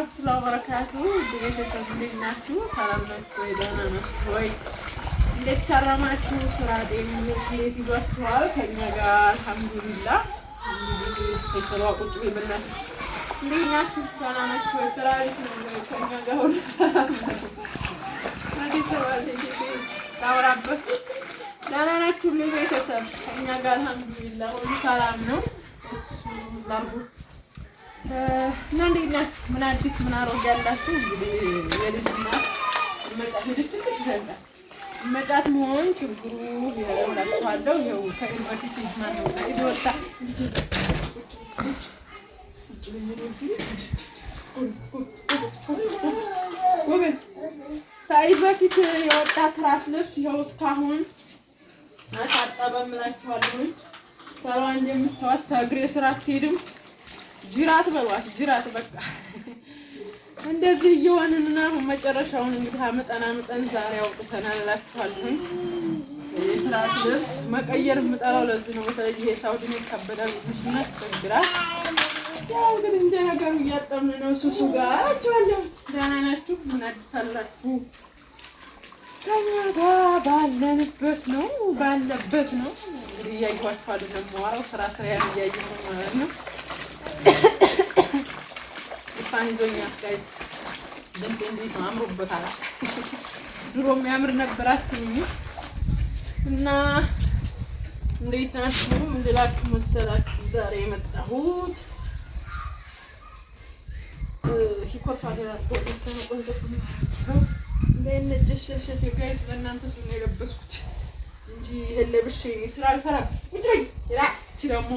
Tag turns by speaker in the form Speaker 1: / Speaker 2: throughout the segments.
Speaker 1: ወረህመቱላሂ ወበረካቱ ቤተሰብ እንዴት ናችሁ? ሰላም ናችሁ ወይ? ደህና ናችሁ ወይ? እንዴት ከረማችሁ? ስራ ጤንነት እንዴት ይዟችኋል? ከእኛ ጋር አልሐምዱሊላህ። ቤተሰብ ቁጭ ብላችሁ እንዴት ናችሁ? ደህና ናችሁ ወይ? ስራ ከእኛ ጋር ሁሉ ሰላም ናችሁ? ታወራበት ደህና ናችሁ? ቤተሰብ ከእኛ ጋር አልሐምዱሊላህ ሁሉ ሰላም ነው። እሱ ላርጉ እና እንዴት ናችሁ? ምን አዲስ ምን አሮጌ ያላችሁ? እንግዲህ የልጅ እናት መጫት ልጅ ትንሽ ይበልጣል መጫት መሆን ችግሩ ላችኋለሁ። ይኸው ከኢድ በፊት ማነው ኢድ ወጣ ጎበዝ ከኢድ በፊት የወጣ ትራስ ልብስ ይኸው እስካሁን አታጠበም እላችኋለሁ። ሰራዋ እንደምታዋት ከእግሬ ስራ አትሄድም። ጅራት በሏት ጅራት በቃ እንደዚህ እየሆንን እና አሁን መጨረሻውን እንግዲህ አመጠን አመጠን ዛሬ አውጥተናል እላችኋለሁ። የትራስ ልብስ መቀየር የምጠራው ለዚህ ነው። በተለይ ይሄ ሳውዲ ነው ይከበዳል፣ ብዙ ያስቸግራል። ያው ግን እንደ ሀገሩ እያጠምን ነው። ሱሱ ጋር አላችኋለሁ። ደህና ናችሁ? ምን አዲስ አላችሁ? ከኛ ጋር ባለንበት ነው ባለበት ነው እንግዲህ እያየኋችኋለሁ። ደግሞ አዎ ስራ ስራ ያን እያየሁ ነው ማለት ነው ጉንፋን ይዞኛል ጋይስ። ድምፄ እንዴት ነው? አምሮበታል። ድሮ የሚያምር ነበር አትይኝ እና እንዴት ናችሁ? ምን ልላችሁ መሰላችሁ? ዛሬ የመጣሁት ሲኮርፋ እንዳይነጨሸሸፍ ጋይስ ለእናንተ ስል ነው የለበስኩት እንጂ የለብሽ ስራ አልሰራም። ደግሞ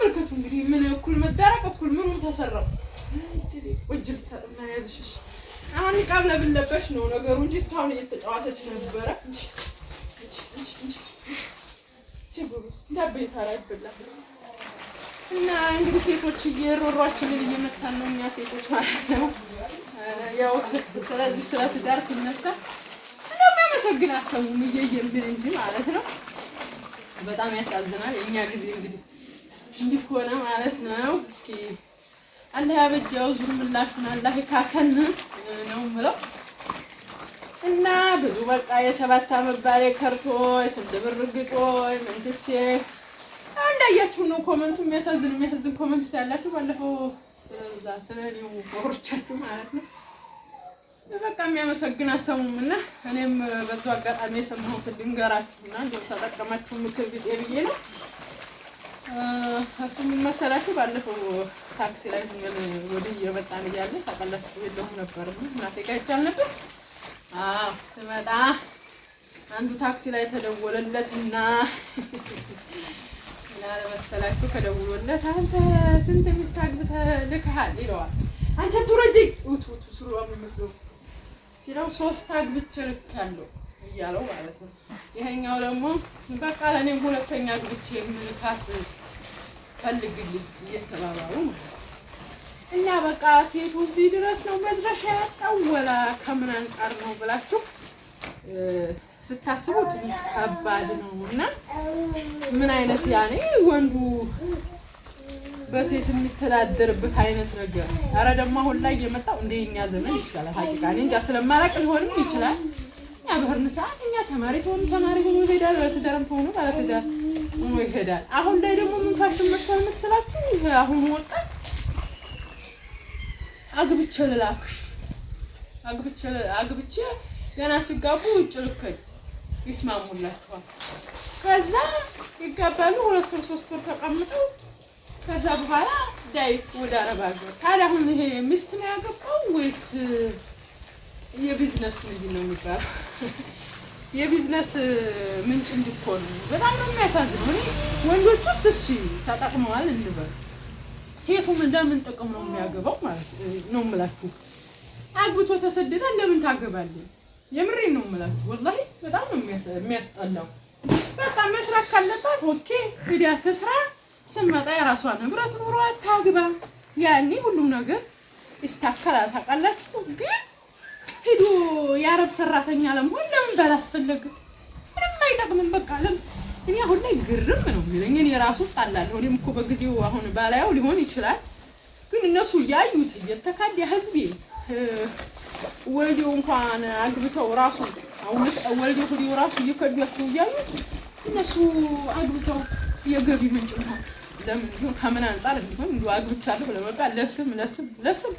Speaker 1: ተመልከቱ እንግዲህ ምን እኩል መዳረቅ እኩል ምኑ ተሰራው እጅ መያዝሽሽ አሁን ቃብ ለብለበሽ ነው ነገሩ እንጂ እስካሁን እየተጫዋተች ነበረ። እና እንግዲህ ሴቶች እየሮሯችንን እየመታን ነው እኛ ሴቶች ማለት ነው። ያው ስለዚህ ስለ ትዳር ሲነሳ እንደሚያመሰግን አሰቡም እየየምን እንጂ ማለት ነው። በጣም ያሳዝናል የእኛ ጊዜ እንግዲህ እንዲህ ከሆነ ማለት ነው። እስኪ አላህ ያበጃው ዙር ምላሹን አላህ ካሰን ነው ምለው እና ብዙ በቃ የሰባት አመት ባሌ ከርቶ ብር ግጦ ምንትሴ እንዳያችሁ ነው። ኮመንቱ የሚያሳዝን የሚያሳዝን ኮመንት ባለፈው ስለዛ ማለት ነው። በቃ የሚያመሰግን አሰሙም እና እኔም በዛው አጋጣሚ የሰማሁትን ልንገራችሁና እንደው ተጠቀማችሁ ምክር ግጤ ብዬ ነው እሱም የሚመሰላችሁ ባለፈው ታክሲ ላይ ወደ እየመጣን እያለ ታውቃላችሁ የለሁም ነበር እናቴ ጋር ይቻልነበር ስመጣ አንዱ ታክሲ ላይ ተደወለለትና እና መሰላችሁ፣ ከደውሎለት አንተ ስንት ሚስት አግብተህ ልክሃል ይለዋል። አንተ ቱረጅኝ ውቱቱ ስሩ የሚመስለው ሲለው ሶስት አግብቼ ልክያለሁ እያለው ማለት ነው። ይሄኛው ደግሞ በቃ ለእኔም ሁለተኛ አግብቼ የምልካት ፈልግልኝ እየተባባሩ ማለት ነው። እና በቃ ሴቱ እዚህ ድረስ ነው መድረሻ ያጣው ወላ ከምን አንጻር ነው ብላችሁ ስታስቡ ትንሽ ከባድ ነው። እና ምን አይነት ያኔ ወንዱ በሴት የሚተዳደርበት አይነት ነገር። አረ ደግሞ አሁን ላይ የመጣው እንደ የኛ ዘመን ይሻላል። ሀቂቃ እኔ እንጃ ስለማላቅ ሊሆንም ይችላል። ያ በህርን ሰዓት እኛ ተማሪ ተሆኑ ተማሪ ሆኖ ይሄዳል። በትዳርም ተሆኑ ባለትዳር ይሄዳል። አሁን ላይ ደግሞ ምን ፋሽን መጥቷል መሰላችሁ? ይሄ አሁን ወጣ አግብቼ ልላክሽ አግብቼ አግብቼ ገና ሲጋቡ ውጭ ልከኝ ይስማሙላቸዋል። ከዛ ይጋባሉ። ሁለት ወር ሶስት ወር ተቀምጠው ከዛ በኋላ ዳይ ወደ አረብ ሀገር። ታዲያ አሁን ይሄ ሚስት ነው ያገባው ወይስ የቢዝነስ ምንድን ነው የሚባለው? የቢዝነስ ምንጭ እንዲኮኑ በጣም ነው የሚያሳዝነው። እኔ ወንዶች ውስጥ እሺ ተጠቅመዋል እንበል፣ ሴቱም ለምን ጥቅም ነው የሚያገባው ማለት ነው የምላችሁ። አግብቶ ተሰደዳ ለምን ታገባለ? የምሬን ነው የምላችሁ። ወላሂ በጣም ነው የሚያስጠላው። በቃ መስራት ካለባት ኦኬ ሂዳ ትስራ፣ ስመጣ የራሷ ንብረት ኑሯ ታግባ። ያኔ ሁሉም ነገር ይስተካከላል። ታውቃላችሁ ግን ሄዶ የአረብ ሰራተኛ ለመሆን ለምን ባላስፈለገ? ምንም አይጠቅምም። በቃ ለምን እኔ አሁን ላይ ግርም ነው የሚለኝ። እኔ ራሱ ጣላለሁ። እኔም እኮ በጊዜው አሁን ባላየው ሊሆን ይችላል፣ ግን እነሱ እያዩት እየተካድ ህዝቤ ወልዴው እንኳን አግብተው ራሱ ወልዴው ወዲው ራሱ እየከዷቸው እያዩት እነሱ አግብተው የገቢ ምንጭ ነው ለምን ከምን አንጻር እንዲሆን እንዲ አግብቻለሁ ለመባል ለስም ለስም ለስም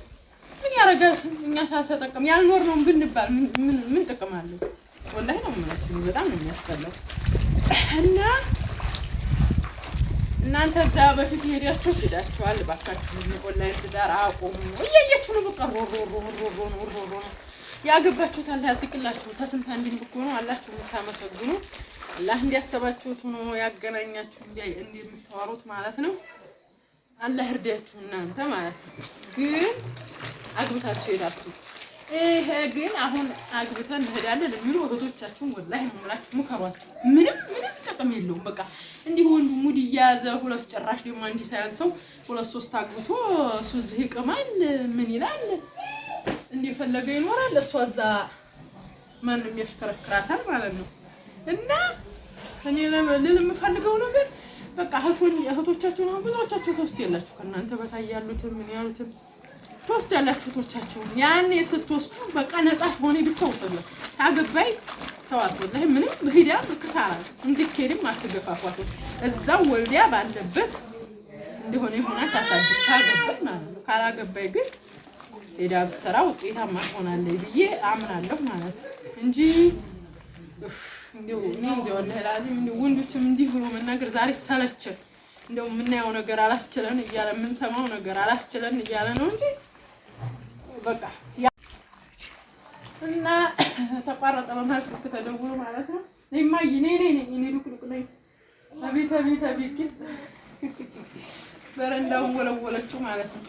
Speaker 1: ነገር እኛ ሳልተጠቀም ያልኖርነውን ብንባል ምን ጥቅም አለው? ወላሂ ነው የምላችሁ፣ በጣም ነው የሚያስጠላው። እና እናንተ እዛ በፊት ሄዳችሁ ሄዳችኋል፣ እባካችሁ ኦንላይን ትዳር አቁሙ። እያየችሁ ነው፣ በቃ ሮሮ ሮሮ ሮሮ ነው ያገባችሁት። አላህ ያዝቅላችሁ። ተስንት አንድን ብኮ አላችሁ የምታመሰግኑ። አላህ እንዲያሰባችሁት ሆኖ ያገናኛችሁ፣ እንደምታወሩት ማለት ነው። አላህ እርዳችሁ እናንተ ማለት ነው ግን አግብታችሁ ሄዳችሁ። ይሄ ግን አሁን አግብተን እንሄዳለን የሚሉ እህቶቻችሁን ወላሂ ነው የምላችሁ፣ ሙከሯት። ምንም ምንም ጥቅም የለውም። በቃ እንዲህ ወንዱ ሙድ እያያዘ ሁለት ጭራሽ ደግሞ እንዲህ ሰው ሁለት ሶስት አግብቶ እሱ እዚህ ይቅማል። ምን ይላል? እንደፈለገ ይኖራል። እሷ እዛ ማንም ያሽከረክራታል ማለት ነው። እና እኔ ልል የምፈልገው ነገር በቃ እህቶቻችሁን አሁን ብዙዎቻችሁ ተውስት የላችሁ ከእናንተ በታይ ያሉትም ምን ያሉትም ትወስዳላችሁ። ቶቻችሁ ያኔ ስትወስዱ በቃ ነጻ ሆኔ ብቻ ወሰላችሁ። አገባይ ተዋርቶላ ምንም ሂዳ ክሳራ እንድትሄድም አትገፋፏት። እዛው ወልዲያ ባለበት እንደሆነ የሆነ ታሳድግ ካገባይ ማለት ነው። ካላገባይ ግን ሄዳ ብትሰራ ውጤታማ ትሆናለች ብዬ አምናለሁ ማለት ነው እንጂ ወንዶችም እንዲህ ብሎ መናገር ዛሬ ሰለችን። እንደው የምናየው ነገር አላስችለን እያለ የምንሰማው ነገር አላስችለን እያለ ነው እንጂ በቃ እና ተቋረጠ። በመሀል ስልክ ተደውሎ ማለት ነው። እማዬ ነይ ነይ ነይ እኔ ዱቅ ዱቅ አቤት አቤት አቤት ጌጥ በረንዳውን ወለወለችው ማለት ነው።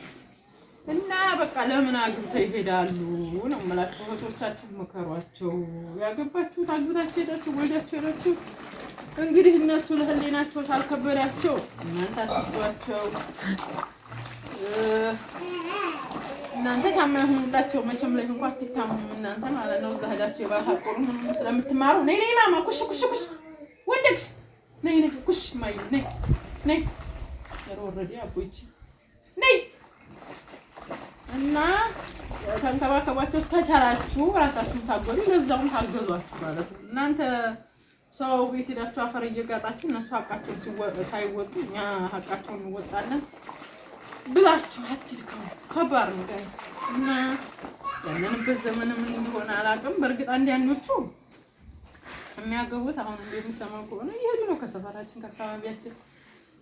Speaker 1: እና በቃ ለምን አግብተው ይሄዳሉ ነው የምላቸው። እህቶቻችሁ መከሯቸው። ያገባችሁት አግብታችሁ ሄዳችሁ ወልዳችሁ ሄዳችሁ እንግዲህ እነሱ ለህሊናቸው ካልከበዳቸው እናንተ አትግዷቸው። እናንተ ታማኝ መቼም ላይ እንኳ አትታሙም እናንተ ማለት ነው። እዛ ሄዳችሁ የባህል ስለምትማሩ ነይ ነይ ማማ ኩሽ ኩሽ ኩሽ ወደቅሽ ነይ ነይ ኩሽ ማይ ነይ ነይ ወረዲ አቦይቺ ነይ እና ተንከባከቧቸው እስከቻላችሁ ራሳችሁን ሳጎዱ ለዛውም ታገዟችሁ ማለት ነው። እናንተ ሰው ቤት ሄዳችሁ አፈር እየጋጣችሁ እነሱ ሀቃቸውን ሳይወጡ እኛ ሀቃቸውን እንወጣለን። ብላችሁ አትልከው። ከባድ ነው ጋይስ እና ያለንበት ዘመን ምን እንደሆነ አላውቅም። በእርግጥ አንዳንዶቹ የሚያገቡት አሁን እንደሚሰማው ከሆነ እየሄዱ ነው ከሰፈራችን ከአካባቢያችን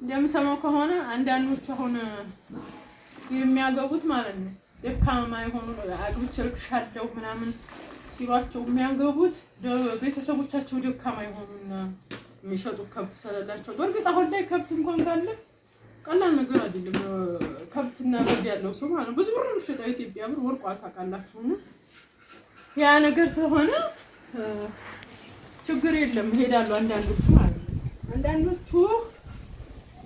Speaker 1: እንደምሰማው ከሆነ አንዳንዶቹ አሁን የሚያገቡት ማለት ነው ደካማ የሆኑ አግብቼ እልክሻለሁ ምናምን ሲሏቸው የሚያገቡት ቤተሰቦቻቸው ደካማ የሆኑና የሚሸጡት ከብት ስለሌላቸው በእርግጥ አሁን ላይ ከብት እንኳን ካለ ቀላል ነገር አይደለም። ከብትና በግ ያለው ሰው ማለት ብዙ ብር ሸጠው ኢትዮጵያ ብር ወርቋ ታውቃላችሁ። ያ ነገር ስለሆነ ችግር የለም ሄዳሉ። አንዳንዶቹ ማለት ነው አንዳንዶቹ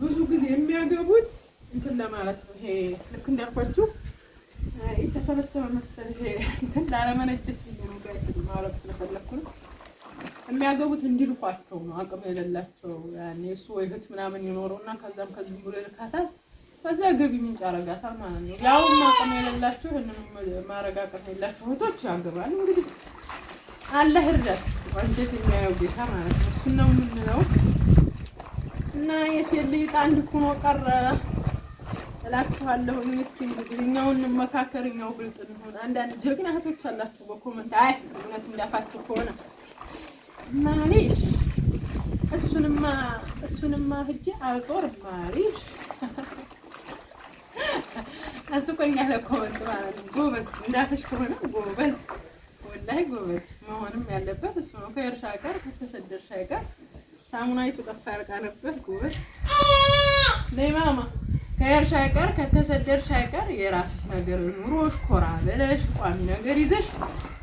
Speaker 1: ብዙ ጊዜ የሚያገቡት እንትን ለማለት ነው። ይሄ ልክ እንዳልኳችሁ የተሰበሰበ መሰል ይሄ እንትን ላለመነጀስ ብዬ ነው ጋር ስለማረግ ስለፈለኩ ነው። የሚያገቡት እንዲልኳቸው ነው። አቅም የሌላቸው እሱ ወይ እህት ምናምን እና ከዛም ከዚህ ብሎ ይልካታል። ከዛ ገቢ ምንጭ አረጋታል ማለት ነው። ያውም አቅም የሌላቸው ይህንን ማረግ አቅም የላቸው እህቶች ያገባል። እንግዲህ አለ እርዳችሁ አንጀት የሚያየው ጌታ ማለት ነው። እሱን ነው የምንለው እና የሴት ልጅ አንድ ኩኖ ቀረ እላችኋለሁ። እስኪ እንግዲህ እኛው እንመካከር፣ እኛው ብልጥ እንሆን። አንዳንድ ጀግና እህቶች አላችሁ በኮመንት አይ እውነት እንዳፋችሁ ከሆነ ማሪሽ እሱንማ እሱንማ ሂጅ አልጦር ማሪሽ አስቆኛ ለኮመንት ማለት ጎበዝ እንዳትሽ ከሆነ ጎበዝ ወላሂ ጎበዝ መሆንም ያለበት እሱ ነው። ከእርሻ ጋር ከተሰደርሻ ጋር ሳሙናይቱ ጠፋ ያርቃ ነበር። ጎበዝ ነይ ከእርሻ ጋር ከተሰደርሻ ጋር የራስሽ ነገር ኑሮሽ ኮራ ብለሽ ቋሚ ነገር ይዘሽ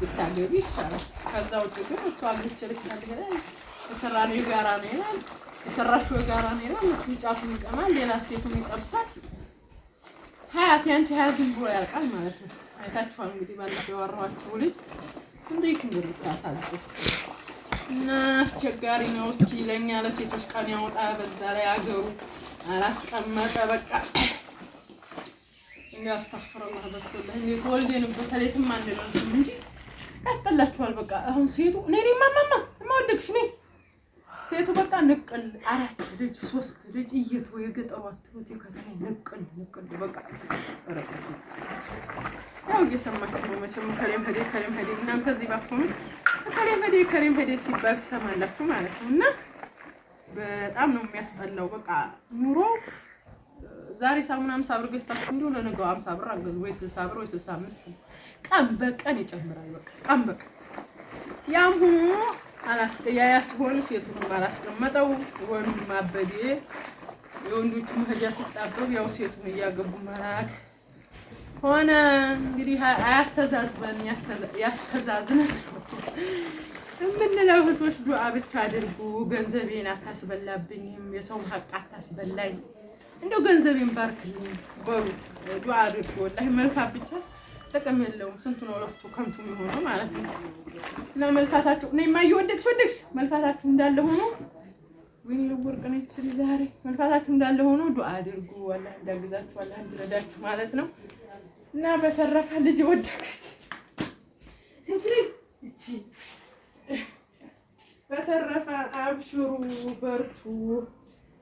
Speaker 1: ብታገቢ ይሻላል። ከዛ ውጭ ግን እሱ አግብቼ ልሻል የሰራ ነው የጋራ ነው ይላል። የሰራሹ የጋራ ነው ይላል። እሱ ጫፉን ይቀማል፣ ሌላ ሴቱን ይጠብሳል። ሀያት ያንቺ ሀያት ዝም ብሎ ያልቃል ማለት ነው። አይታችኋል እንግዲህ ባለፈው ያወራኋችሁ ልጅ እንዴት እንደምታሳዝን እና አስቸጋሪ ነው። እስኪ ለእኛ ለሴቶች ቀን ያወጣ። በዛ ላይ አገሩ አላስቀመጠ በቃ እንዲ አስተፍረላ በስላ እንዴት ወልዴን በተለይትም አንደደርስም እንጂ ያስጠላችኋል። በቃ አሁን ሴቱ እኔ ማማማ ማወደግሽ ነኝ ሴቱ በቃ ንቅል አራት ልጅ ሶስት ልጅ እየተወ የገጠሩ አትሎት የከተማ ንቅል ንቅል በቃ ረቅስ ያው እየሰማችሁ ነው መቼም ከሌም ሄዴ ከሌም ሄዴ እናንተ እዚህ ባትሆኑ ከሌም ሄዴ ከሌም ሄዴ ሲባል ትሰማላችሁ ማለት ነው። እና በጣም ነው የሚያስጠላው በቃ ኑሮ ዛሬ ሳሙን ሀምሳ ብር ገዝታችሁ እንዲሁ ለነገው ሀምሳ ብር አገዙ ወይ ስልሳ ብር ወይ ስልሳ አምስት ቀን በቀን ይጨምራል። በቃ ቀን በቀን ያም ሆኖ ያያስሆን ሴቱንም አላስቀመጠው ወን አበዴ የወንዶቹ መሄጃ ሲጣበብ ያው ሴቱን እያገቡ መላክ ሆነ እንግዲህ አያስተዛዝበን ያስተዛዝነ የምንለው እህቶች ዱዐ ብቻ አድርጉ። ገንዘቤን አታስበላብኝም፣ የሰውን ሀቅ አታስበላኝ። እንደው ገንዘቤን ባርክልኝ በሩ ዱዓ አድርጎ ወላሂ መልፋት ብቻ ጥቅም የለውም። ስንቱ ነው ለፍቶ ከንቱ የሚሆነው ማለት ነው። እና መልፋታችሁ እኔማ እየወደቅሽ ወደቅሽ መልፋታችሁ እንዳለ ሆኖ ወይኔ ልወርቅ ነች ዛሬ መልፋታችሁ እንዳለ ሆኖ ዱዓ አድርጉ። አላህ እንዳግዛችሁ፣ አላህ እንዲረዳችሁ ማለት ነው። እና በተረፈ ልጅ ወደቀች እንጂ እቺ በተረፈ አብሽሩ በርቱ።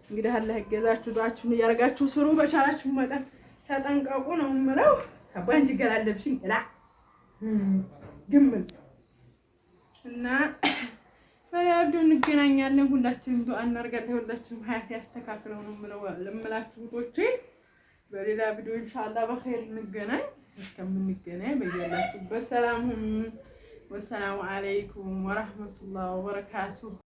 Speaker 1: እንግዲህ አላህ ይገዛችሁ፣ ዷችሁን እያደረጋችሁ ስሩ። በቻላችሁ መጠን ተጠንቀቁ ነው የምለው። ከባንጅ ገላለብሽ እላ ግምል እና በያዱ እንገናኛለን። ሁላችንም ዱአ እናርጋለን። ሁላችንም ሀያት ያስተካክለው ነው የምለው ለምላችሁ ቶቼ በሌላ ቪዲዮ ኢንሻአላህ በኸይር እንገናኝ። እስከምንገናኝ በያላችሁበት ሰላም ሁኑ። ወሰላሙ አለይኩም ወረህመቱላህ ወበረካቱሁ።